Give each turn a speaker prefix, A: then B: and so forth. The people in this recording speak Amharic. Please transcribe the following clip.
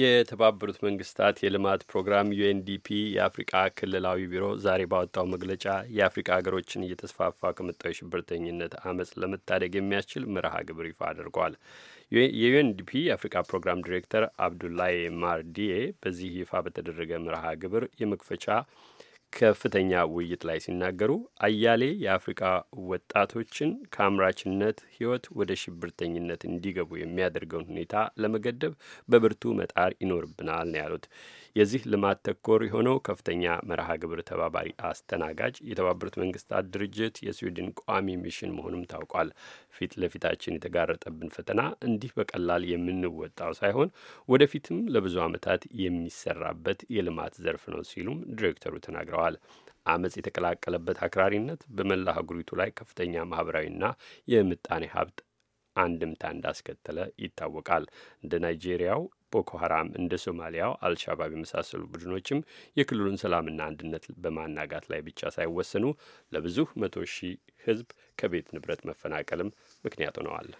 A: የተባበሩት መንግስታት የልማት ፕሮግራም ዩኤንዲፒ የአፍሪቃ ክልላዊ ቢሮ ዛሬ ባወጣው መግለጫ የአፍሪቃ ሀገሮችን እየተስፋፋ ከመጣው የሽብርተኝነት አመፅ ለመታደግ የሚያስችል መርሃ ግብር ይፋ አድርጓል። የዩኤንዲፒ የአፍሪካ ፕሮግራም ዲሬክተር አብዱላይ ማርዲዬ በዚህ ይፋ በተደረገ መርሃ ግብር የመክፈቻ ከፍተኛ ውይይት ላይ ሲናገሩ አያሌ የአፍሪካ ወጣቶችን ከአምራችነት ህይወት ወደ ሽብርተኝነት እንዲገቡ የሚያደርገውን ሁኔታ ለመገደብ በብርቱ መጣር ይኖርብናል ነው ያሉት። የዚህ ልማት ተኮር የሆነው ከፍተኛ መርሃ ግብር ተባባሪ አስተናጋጅ የተባበሩት መንግስታት ድርጅት የስዊድን ቋሚ ሚሽን መሆኑም ታውቋል። ፊት ለፊታችን የተጋረጠብን ፈተና እንዲህ በቀላል የምንወጣው ሳይሆን ወደፊትም ለብዙ ዓመታት የሚሰራበት የልማት ዘርፍ ነው ሲሉም ዲሬክተሩ ተናግረዋል። ተናግረዋል። አመፅ የተቀላቀለበት አክራሪነት በመላ አህጉሪቱ ላይ ከፍተኛ ማህበራዊና የምጣኔ ሀብት አንድምታ እንዳስከተለ ይታወቃል። እንደ ናይጄሪያው ቦኮ ሀራም እንደ ሶማሊያው አልሻባብ የመሳሰሉ ቡድኖችም የክልሉን ሰላምና አንድነት በማናጋት ላይ ብቻ ሳይወሰኑ ለብዙ መቶ ሺህ ህዝብ ከቤት ንብረት መፈናቀልም ምክንያት ሆነዋል።